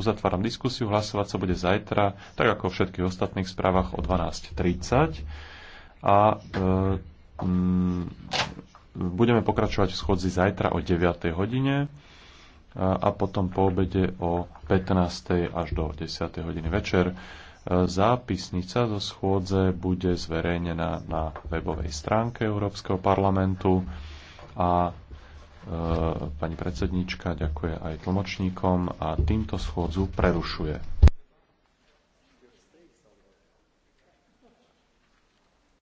uzatváram diskusiu. Hlasovať sa bude zajtra, tak ako o všetkých ostatných správach o 12.30. A e, m, mm, budeme pokračovať v schodzi zajtra o 9. hodine a, e, a potom po obede o 15. až do 10. hodiny večer. E, zápisnica zo schôdze bude zverejnená na webovej stránke Európskeho parlamentu a pani predsedníčka, ďakuje aj tlmočníkom a týmto schôdzu prerušuje.